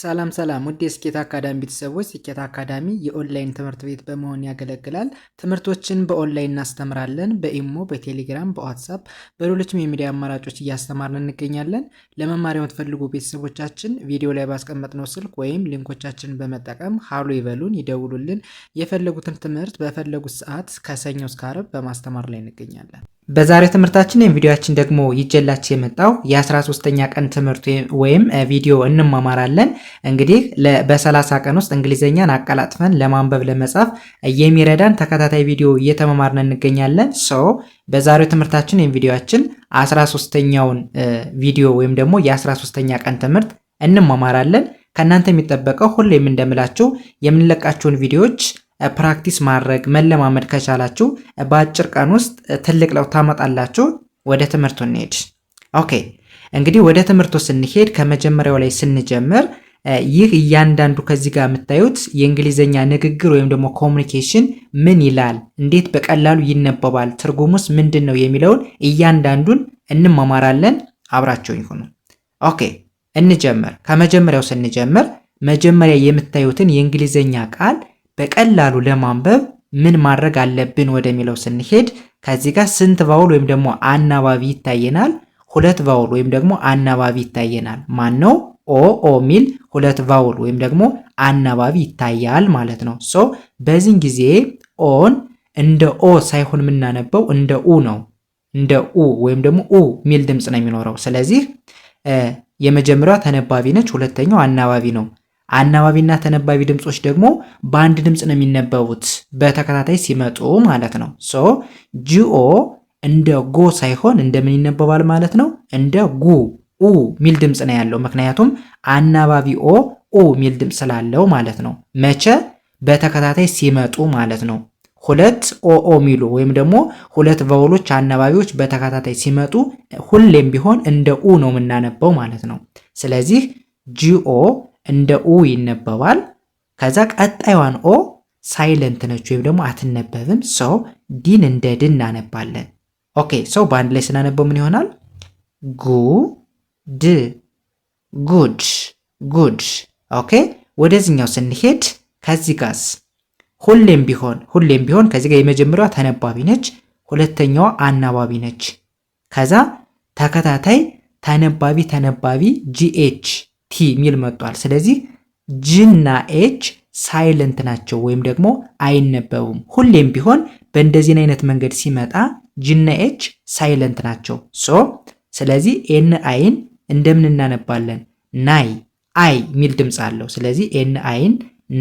ሰላም ሰላም ውድ የስኬት አካዳሚ ቤተሰቦች፣ ስኬት አካዳሚ የኦንላይን ትምህርት ቤት በመሆን ያገለግላል። ትምህርቶችን በኦንላይን እናስተምራለን። በኢሞ፣ በቴሌግራም፣ በዋትሳፕ፣ በሌሎችም የሚዲያ አማራጮች እያስተማርን እንገኛለን። ለመማር የምትፈልጉ ቤተሰቦቻችን ቪዲዮ ላይ ባስቀመጥነው ስልክ ወይም ሊንኮቻችንን በመጠቀም ሀሎ ይበሉን፣ ይደውሉልን። የፈለጉትን ትምህርት በፈለጉት ሰዓት ከሰኞ እስከ አረብ በማስተማር ላይ እንገኛለን። በዛሬው ትምህርታችን ወይም ቪዲዮችን ደግሞ ይጀላችሁ የመጣው የ13ኛ ቀን ትምህርት ወይም ቪዲዮ እንማማራለን። እንግዲህ በ30 ቀን ውስጥ እንግሊዘኛን አቀላጥፈን ለማንበብ ለመጻፍ የሚረዳን ተከታታይ ቪዲዮ እየተመማርን እንገኛለን። ሶ በዛሬው ትምህርታችን ወይም ቪዲዮችን 13ኛውን ቪዲዮ ወይም ደግሞ የ13ኛ ቀን ትምህርት እንማማራለን። ከእናንተ የሚጠበቀው ሁሌም እንደምላችሁ የምንለቃችሁን ቪዲዮዎች ፕራክቲስ ማድረግ መለማመድ ከቻላችሁ በአጭር ቀን ውስጥ ትልቅ ለውጥ ታመጣላችሁ። ወደ ትምህርቱ እንሄድ። ኦኬ እንግዲህ ወደ ትምህርቱ ስንሄድ ከመጀመሪያው ላይ ስንጀምር ይህ እያንዳንዱ ከዚህ ጋር የምታዩት የእንግሊዝኛ ንግግር ወይም ደግሞ ኮሚኒኬሽን ምን ይላል፣ እንዴት በቀላሉ ይነበባል፣ ትርጉሙስ ምንድን ነው የሚለውን እያንዳንዱን እንማማራለን። አብራቸው ይሁኑ። ኦኬ እንጀምር። ከመጀመሪያው ስንጀምር መጀመሪያ የምታዩትን የእንግሊዝኛ ቃል በቀላሉ ለማንበብ ምን ማድረግ አለብን ወደሚለው ስንሄድ ከዚህ ጋር ስንት ቫውል ወይም ደግሞ አናባቢ ይታየናል? ሁለት ቫውል ወይም ደግሞ አናባቢ ይታየናል። ማን ነው? ኦ ኦ ሚል ሁለት ቫውል ወይም ደግሞ አናባቢ ይታያል ማለት ነው። ሶ በዚህን ጊዜ ኦን እንደ ኦ ሳይሆን የምናነበው እንደ ኡ ነው። እንደ ኡ ወይም ደግሞ ኡ ሚል ድምፅ ነው የሚኖረው። ስለዚህ የመጀመሪያዋ ተነባቢ ነች፣ ሁለተኛው አናባቢ ነው። አናባቢና ተነባቢ ድምፆች ደግሞ በአንድ ድምፅ ነው የሚነበቡት በተከታታይ ሲመጡ ማለት ነው። ሶ ጂኦ እንደ ጎ ሳይሆን እንደምን ይነበባል ማለት ነው? እንደ ጉ ኡ ሚል ድምፅ ነው ያለው። ምክንያቱም አናባቢ ኦ ኡ ሚል ድምፅ ስላለው ማለት ነው። መቼ? በተከታታይ ሲመጡ ማለት ነው። ሁለት ኦኦ ሚሉ ወይም ደግሞ ሁለት ቫውሎች አናባቢዎች በተከታታይ ሲመጡ ሁሌም ቢሆን እንደ ኡ ነው የምናነበው ማለት ነው። ስለዚህ ጂኦ እንደ ኡ ይነበባል። ከዛ ቀጣይዋን ኦ ሳይለንት ነች ወይም ደግሞ አትነበብም። ሰው ዲን እንደ ድ እናነባለን። ኦኬ ሰው በአንድ ላይ ስናነበው ምን ይሆናል? ጉ ድ ጉድ ጉድ። ኦኬ ወደዚህኛው ስንሄድ ከዚህ ጋዝ ሁሌም ቢሆን ሁሌም ቢሆን ከዚህ ጋር የመጀመሪያዋ ተነባቢ ነች፣ ሁለተኛዋ አናባቢ ነች። ከዛ ተከታታይ ተነባቢ ተነባቢ ጂኤች ቲ የሚል መጥቷል። ስለዚህ ጅና ኤች ሳይለንት ናቸው ወይም ደግሞ አይነበቡም። ሁሌም ቢሆን በእንደዚህን አይነት መንገድ ሲመጣ ጅና ኤች ሳይለንት ናቸው። ሶ ስለዚህ ኤን አይን እንደምን እናነባለን? ናይ አይ የሚል ድምፅ አለው። ስለዚህ ኤን አይን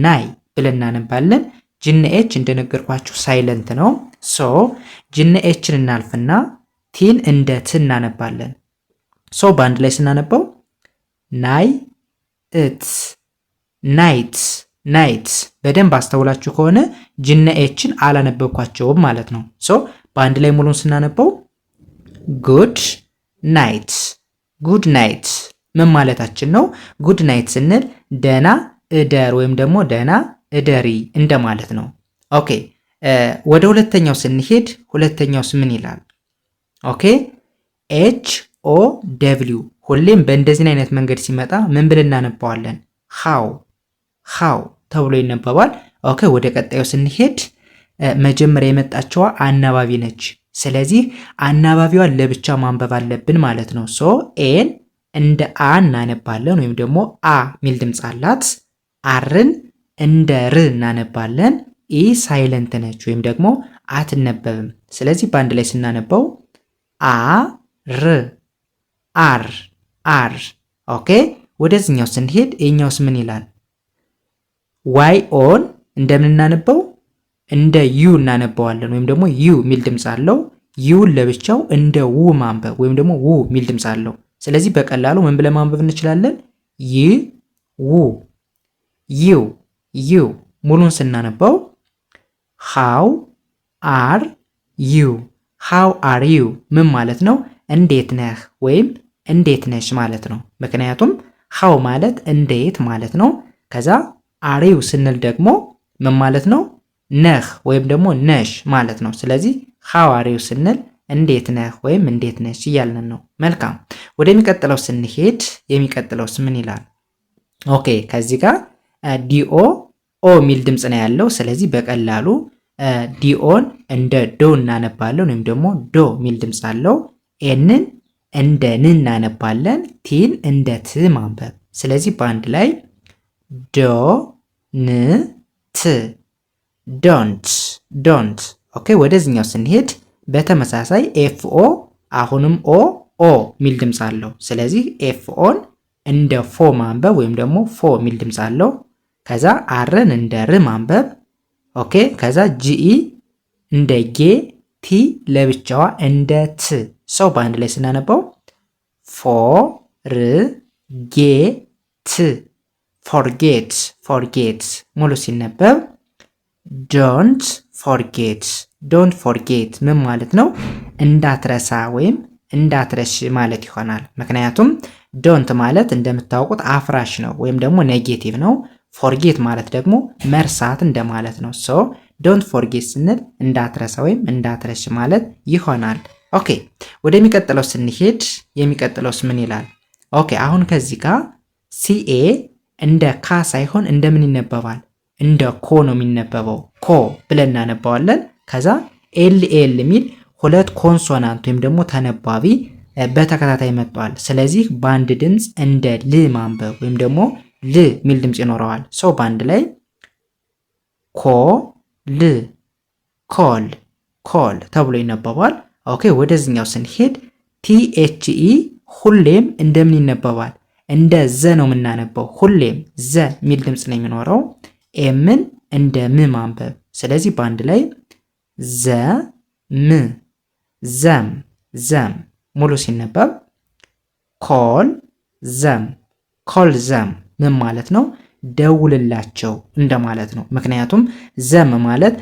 ናይ ብለን እናነባለን። ጅነ ኤች እንደነገርኳችሁ ሳይለንት ነው። ሶ ጅነ ኤችን እናልፍና ቲን እንደ ት እናነባለን። ሶ በአንድ ላይ ስናነባው ናይ እት ናይት ናይት በደንብ አስተውላችሁ ከሆነ ጅነ ኤችን አላነበብኳቸውም ማለት ነው። ሶ በአንድ ላይ ሙሉን ስናነበው ጉድ ናይት ጉድ ናይት ምን ማለታችን ነው? ጉድ ናይት ስንል ደና እደር ወይም ደግሞ ደና እደሪ እንደማለት ነው። ኦኬ ወደ ሁለተኛው ስንሄድ ሁለተኛውስ ምን ይላል? ኦኬ ኤች ኦ ደብሊው ሁሌም በእንደዚህ አይነት መንገድ ሲመጣ ምን ብለን እናነባዋለን? ሃው ሃው ተብሎ ይነበባል። ኦኬ ወደ ቀጣዩ ስንሄድ መጀመሪያ የመጣችዋ አናባቢ ነች። ስለዚህ አናባቢዋን ለብቻ ማንበብ አለብን ማለት ነው። ሶ ኤን እንደ አ እናነባለን፣ ወይም ደግሞ አ ሚል ድምፅ አላት። አርን እንደ ር እናነባለን። ኢ ሳይለንት ነች ወይም ደግሞ አትነበብም። ስለዚህ በአንድ ላይ ስናነባው አ ር አር አር። ኦኬ ወደዚህኛው ስንሄድ ይህኛውስ ምን ይላል? ዋይ ኦን እንደምናነበው እንደ ዩ እናነበዋለን፣ ወይም ደግሞ ዩ የሚል ድምፅ አለው። ዩን ለብቻው እንደ ው ማንበብ ወይም ደግሞ ው የሚል ድምፅ አለው። ስለዚህ በቀላሉ ምን ብለን ማንበብ እንችላለን? ይ ው ዩ ዩ ሙሉን ስናነበው ሃው አር ዩ ሃው አር ዩ ምን ማለት ነው? እንዴት ነህ ወይም እንዴት ነሽ ማለት ነው። ምክንያቱም ሃው ማለት እንዴት ማለት ነው። ከዛ አሪው ስንል ደግሞ ምን ማለት ነው? ነህ ወይም ደግሞ ነሽ ማለት ነው። ስለዚህ ሃው አሪው ስንል እንዴት ነህ ወይም እንዴት ነሽ እያልን ነው። መልካም ወደሚቀጥለው ስንሄድ የሚቀጥለውስ ምን ይላል? ኦኬ ከዚህ ጋር ዲኦ ኦ የሚል ድምፅ ነው ያለው። ስለዚህ በቀላሉ ዲኦን እንደ ዶ እናነባለን ወይም ደግሞ ዶ የሚል ድምፅ አለው ኤንን እንደ ን እናነባለን። ቲን እንደ ት ማንበብ። ስለዚህ በአንድ ላይ ዶ ን ት ዶንት ዶንት። ኦኬ ወደዚህኛው ስንሄድ በተመሳሳይ ኤፍ ኦ አሁንም ኦ ኦ ሚል ድምፅ አለው። ስለዚህ ኤፍ ኦን እንደ ፎ ማንበብ ወይም ደግሞ ፎ ሚል ድምፅ አለው። ከዛ አርን እንደ ር ማንበብ። ኦኬ ከዛ ጂኢ እንደ ጌ ቲ ለብቻዋ እንደ ት ሰው በአንድ ላይ ስናነባው ፎርጌት ፎርጌት ፎርጌት ሙሉ ሲነበብ ዶንት ፎርጌት ዶንት ፎርጌት ምን ማለት ነው? እንዳትረሳ ወይም እንዳትረሽ ማለት ይሆናል። ምክንያቱም ዶንት ማለት እንደምታውቁት አፍራሽ ነው ወይም ደግሞ ኔጌቲቭ ነው። ፎርጌት ማለት ደግሞ መርሳት እንደማለት ነው። ሶ ዶንት ፎርጌት ስንል እንዳትረሳ ወይም እንዳትረሽ ማለት ይሆናል። ኦኬ ወደሚቀጥለው ስንሄድ የሚቀጥለውስ ምን ይላል? ኦኬ አሁን ከዚህ ጋር ሲኤ እንደ ካ ሳይሆን እንደምን ይነበባል? እንደ ኮ ነው የሚነበበው። ኮ ብለን እናነባዋለን። ከዛ ኤል ኤል የሚል ሁለት ኮንሶናንት ወይም ደግሞ ተነባቢ በተከታታይ መጥቷል። ስለዚህ በአንድ ድምፅ እንደ ል ማንበብ ወይም ደግሞ ል የሚል ድምፅ ይኖረዋል። ሰው በአንድ ላይ ኮ ል ኮል ኮል ተብሎ ይነበባል። ኦኬ ወደዚህኛው ስንሄድ ቲኤችኢ ሁሌም እንደምን ይነበባል? እንደ ዘ ነው የምናነበው። ሁሌም ዘ የሚል ድምፅ ነው የሚኖረው። ኤምን እንደ ም ማንበብ። ስለዚህ በአንድ ላይ ዘ ም ዘም ዘም ሙሉ ሲነበብ ኮል ዘም ኮል ዘም ምን ማለት ነው? ደውልላቸው እንደማለት ነው። ምክንያቱም ዘም ማለት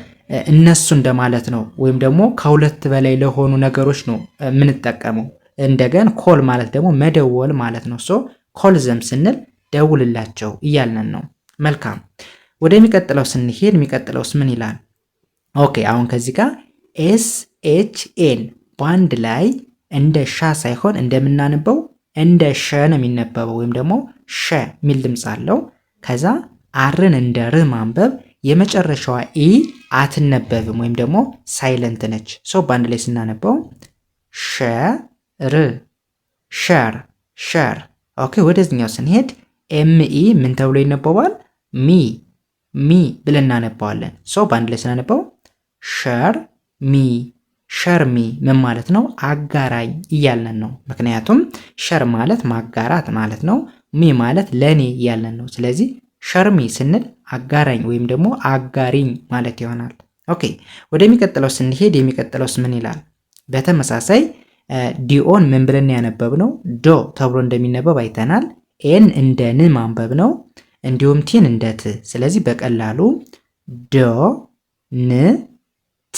እነሱ እንደማለት ነው። ወይም ደግሞ ከሁለት በላይ ለሆኑ ነገሮች ነው የምንጠቀመው። እንደገን ኮል ማለት ደግሞ መደወል ማለት ነው። ሶ ኮል ዘም ስንል ደውልላቸው እያልነን ነው። መልካም ወደሚቀጥለው ስንሄድ የሚቀጥለውስ ምን ይላል? ኦኬ አሁን ከዚህ ጋር ኤስ ኤች በአንድ ላይ እንደ ሻ ሳይሆን እንደምናንበው እንደ ሸ ነው የሚነበበው፣ ወይም ደግሞ ሸ የሚል ድምፅ አለው። ከዛ አርን እንደ ር ማንበብ የመጨረሻዋ ኢ አትነበብም ወይም ደግሞ ሳይለንት ነች። ሰው በአንድ ላይ ስናነበው ሸር ሸር ሸር። ኦኬ ወደዚኛው ስንሄድ ኤምኢ ምን ተብሎ ይነበባል? ሚ ሚ ብለን እናነባዋለን። ሰው በአንድ ላይ ስናነበው ሸር ሚ ሸርሚ ምን ማለት ነው? አጋራኝ እያለን ነው። ምክንያቱም ሸር ማለት ማጋራት ማለት ነው። ሚ ማለት ለእኔ እያለን ነው። ስለዚህ ሸርሚ ስንል አጋራኝ ወይም ደግሞ አጋሪኝ ማለት ይሆናል። ኦኬ ወደሚቀጥለው ስንሄድ የሚቀጥለውስ ምን ይላል? በተመሳሳይ ዲኦን ምን ብለን ያነበብ ነው? ዶ ተብሎ እንደሚነበብ አይተናል። ኤን እንደ ን ማንበብ ነው፣ እንዲሁም ቲን እንደ ት። ስለዚህ በቀላሉ ዶ ን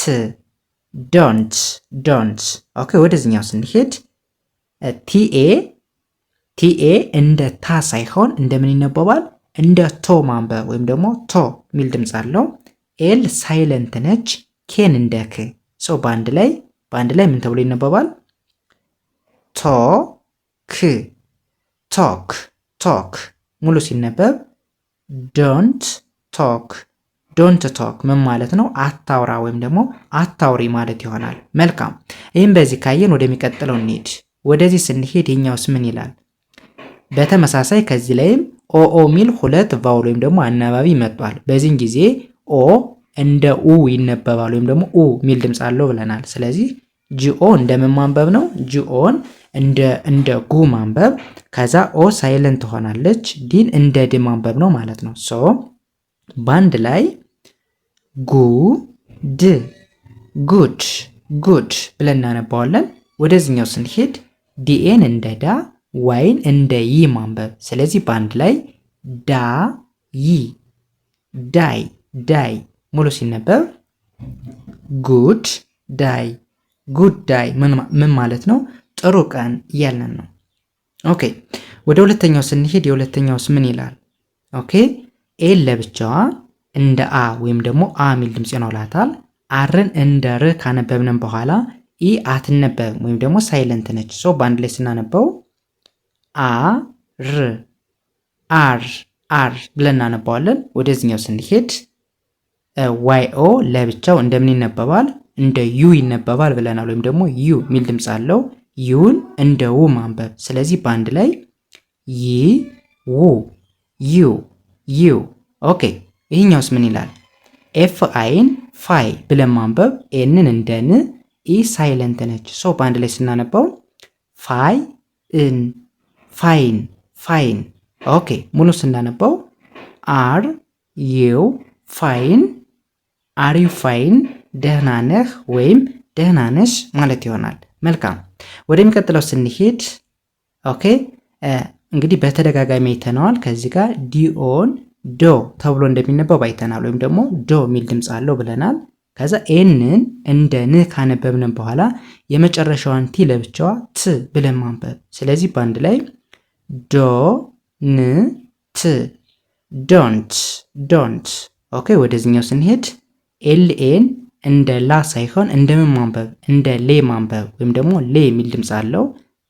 ት ዶንት ዶንት። ኦኬ ወደዚኛው ስንሄድ ቲኤ ቲኤ እንደ ታ ሳይሆን እንደምን ይነበባል? እንደ ቶ ማንበብ ወይም ደግሞ ቶ የሚል ድምፅ አለው። ኤል ሳይለንት ነች። ኬን እንደ ክ ሰው በአንድ ላይ በአንድ ላይ ምን ተብሎ ይነበባል? ቶ ክ ቶክ ቶክ። ሙሉ ሲነበብ ዶንት ቶክ ዶንት ቶክ ምን ማለት ነው? አታውራ ወይም ደግሞ አታውሪ ማለት ይሆናል። መልካም ይህም በዚህ ካየን ወደሚቀጥለው እንሂድ። ወደዚህ ስንሄድ የኛውስ ምን ይላል? በተመሳሳይ ከዚህ ላይም ኦኦ ሚል ሁለት ቫውል ወይም ደግሞ አናባቢ መጥቷል። በዚህን ጊዜ ኦ እንደ ኡ ይነበባል ወይም ደግሞ ኡ ሚል ድምፅ አለው ብለናል። ስለዚህ ጂኦ እንደምን ማንበብ ነው? ጂኦን እንደ እንደ ጉ ማንበብ፣ ከዛ ኦ ሳይለንት ትሆናለች። ዲን እንደ ድ ማንበብ ነው ማለት ነው። ሶ ባንድ ላይ ጉ ድ ጉድ ጉድ ብለን እናነባዋለን። ወደዚህኛው ስንሄድ ዲኤን እንደ ዳ ዋይን እንደ ይ ማንበብ። ስለዚህ በአንድ ላይ ዳ ይ ዳይ ዳይ ሙሉ ሲነበብ ጉድ ዳይ ጉድ ዳይ ምን ማለት ነው? ጥሩ ቀን እያለን ነው። ኦኬ ወደ ሁለተኛው ስንሄድ የሁለተኛውስ ምን ይላል? ኦኬ ኤል ለብቻዋ እንደ አ ወይም ደግሞ አ የሚል ድምፅ ይኖላታል። አርን እንደ ር ካነበብንም በኋላ ኢ አትነበብም ወይም ደግሞ ሳይለንት ነች። ሰው በአንድ ላይ ስናነበው አ ር አር አር ብለን እናነባዋለን። ወደዚህኛው ስንሄድ ዋይ ኦ ለብቻው እንደምን ይነበባል? እንደ ዩ ይነበባል ብለናል። ወይም ደግሞ ዩ የሚል ድምፅ አለው። ዩን እንደ ው ማንበብ። ስለዚህ በአንድ ላይ ይ ው ዩ ዩ። ኦኬ ይህኛውስ ምን ይላል? ኤፍ አይን ፋይ ብለን ማንበብ፣ ኤንን እንደን ኢ ሳይለንት ነች። ሶ በአንድ ላይ ስናነባው ፋይ እን ፋይን ፋይን። ኦኬ ሙሉ ስናነባው አር ዩ ፋይን፣ አር ዩ ፋይን፣ ደህና ነህ ወይም ደህና ነሽ ማለት ይሆናል። መልካም ወደሚቀጥለው ስንሄድ ኦኬ እንግዲህ በተደጋጋሚ አይተነዋል። ከዚህ ጋር ዲኦን ዶ ተብሎ እንደሚነበብ አይተናል። ወይም ደግሞ ዶ የሚል ድምፅ አለው ብለናል። ከዛ ኤንን እንደ ንህ ካነበብንም በኋላ የመጨረሻዋን ቲ ለብቻዋ ት ብለን ማንበብ። ስለዚህ በአንድ ላይ ዶ ን ት ዶንት ዶንት። ኦኬ ወደዚህኛው ስንሄድ ኤልኤን እንደ ላ ሳይሆን እንደ ምን ማንበብ እንደ ሌ ማንበብ ወይም ደግሞ ሌ የሚል ድምፅ አለው።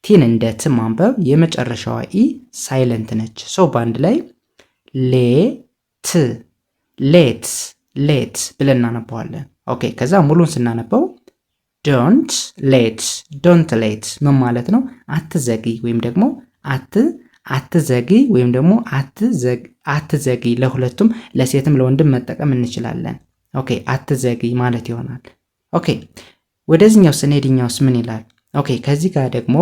ቲን እንደ ት ማንበብ። የመጨረሻዋ ኢ ሳይለንት ነች። ሰው በአንድ ላይ ሌ ት ሌት ሌት ብለን እናነባዋለን። ኦኬ ከዛ ሙሉን ስናነበው ዶንት ሌት ዶንት ሌት ምን ማለት ነው? አትዘግይ ወይም ደግሞ አት አትዘግይ ወይም ደግሞ አትዘግይ ለሁለቱም ለሴትም ለወንድም መጠቀም እንችላለን። ኦኬ አትዘግይ ማለት ይሆናል። ኦኬ ወደዚህኛው ስንሄድኛውስ ምን ይላል? ኦኬ ከዚህ ጋር ደግሞ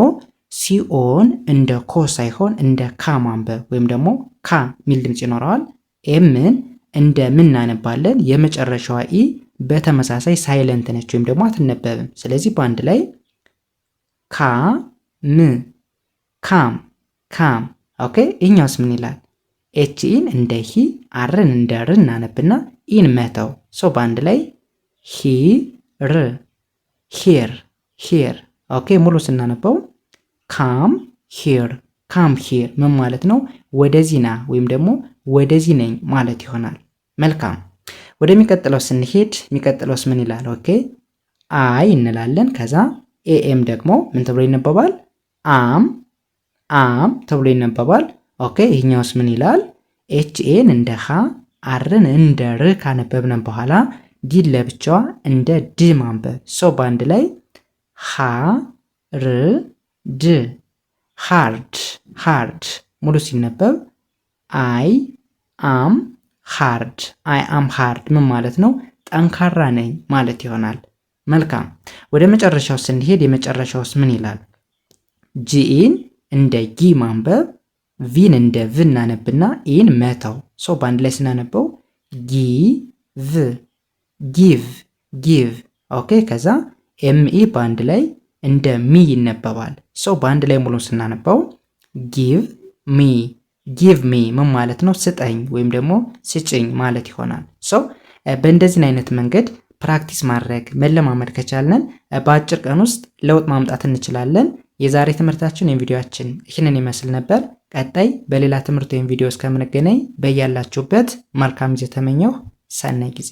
ሲኦን እንደ ኮ ሳይሆን እንደ ካ ማንበብ ወይም ደግሞ ካ ሚል ድምፅ ይኖረዋል። ኤምን እንደ ምን እናነባለን። የመጨረሻዋ ኢ በተመሳሳይ ሳይለንት ነች ወይም ደግሞ አትነበብም። ስለዚህ በአንድ ላይ ካ ም ካም ካም። ኦኬ ይህኛውስ ምን ይላል? ኤችኢን እንደ ሂ አርን እንደ ር እናነብና ኢን መተው ሶ በአንድ ላይ ሂ ር ሂር ሂር። ኦኬ ሙሉ ስናነበው ካም ሂር ካም ሂር ምን ማለት ነው? ወደዚህ ና ወይም ደግሞ ወደዚህ ነኝ ማለት ይሆናል። መልካም ወደሚቀጥለው ስንሄድ የሚቀጥለውስ ምን ይላል? ኦኬ አይ እንላለን። ከዛ ኤኤም ደግሞ ምን ተብሎ ይነበባል? አም አም ተብሎ ይነበባል። ኦኬ ይህኛውስ ምን ይላል? ኤችኤን እንደ ሃ አርን እንደ ር ካነበብነን በኋላ ዲን ለብቻዋ እንደ ድ ማንበብ ሰው በአንድ ላይ ሃ ር ድ ሃርድ ሃርድ ሙሉ ሲነበብ አይ አም ሃርድ አይ አም ሃርድ ምን ማለት ነው? ጠንካራ ነኝ ማለት ይሆናል። መልካም ወደ መጨረሻው ስንሄድ የመጨረሻውስ ምን ይላል? ጂኢን እንደ ጊ ማንበብ ቪን እንደ ቭ እናነብና ኢን መተው ሰው በአንድ ላይ ስናነበው ጊ ቭ ጊቭ ጊቭ። ኦኬ ከዛ ኤምኢ በአንድ ላይ እንደ ሚ ይነበባል። ሰው በአንድ ላይ ሙሉ ስናነበው ጊቭ ሚ ጊቭ ሚ ምን ማለት ነው? ስጠኝ ወይም ደግሞ ስጭኝ ማለት ይሆናል። ሰው በእንደዚህን አይነት መንገድ ፕራክቲስ ማድረግ መለማመድ ከቻለን በአጭር ቀን ውስጥ ለውጥ ማምጣት እንችላለን። የዛሬ ትምህርታችን ወይም ቪዲዮአችን ይህንን ይመስል ነበር። ቀጣይ በሌላ ትምህርት ወይም ቪዲዮ እስከምንገናኝ በያላችሁበት መልካም ጊዜ ተመኘሁ። ሰናይ ጊዜ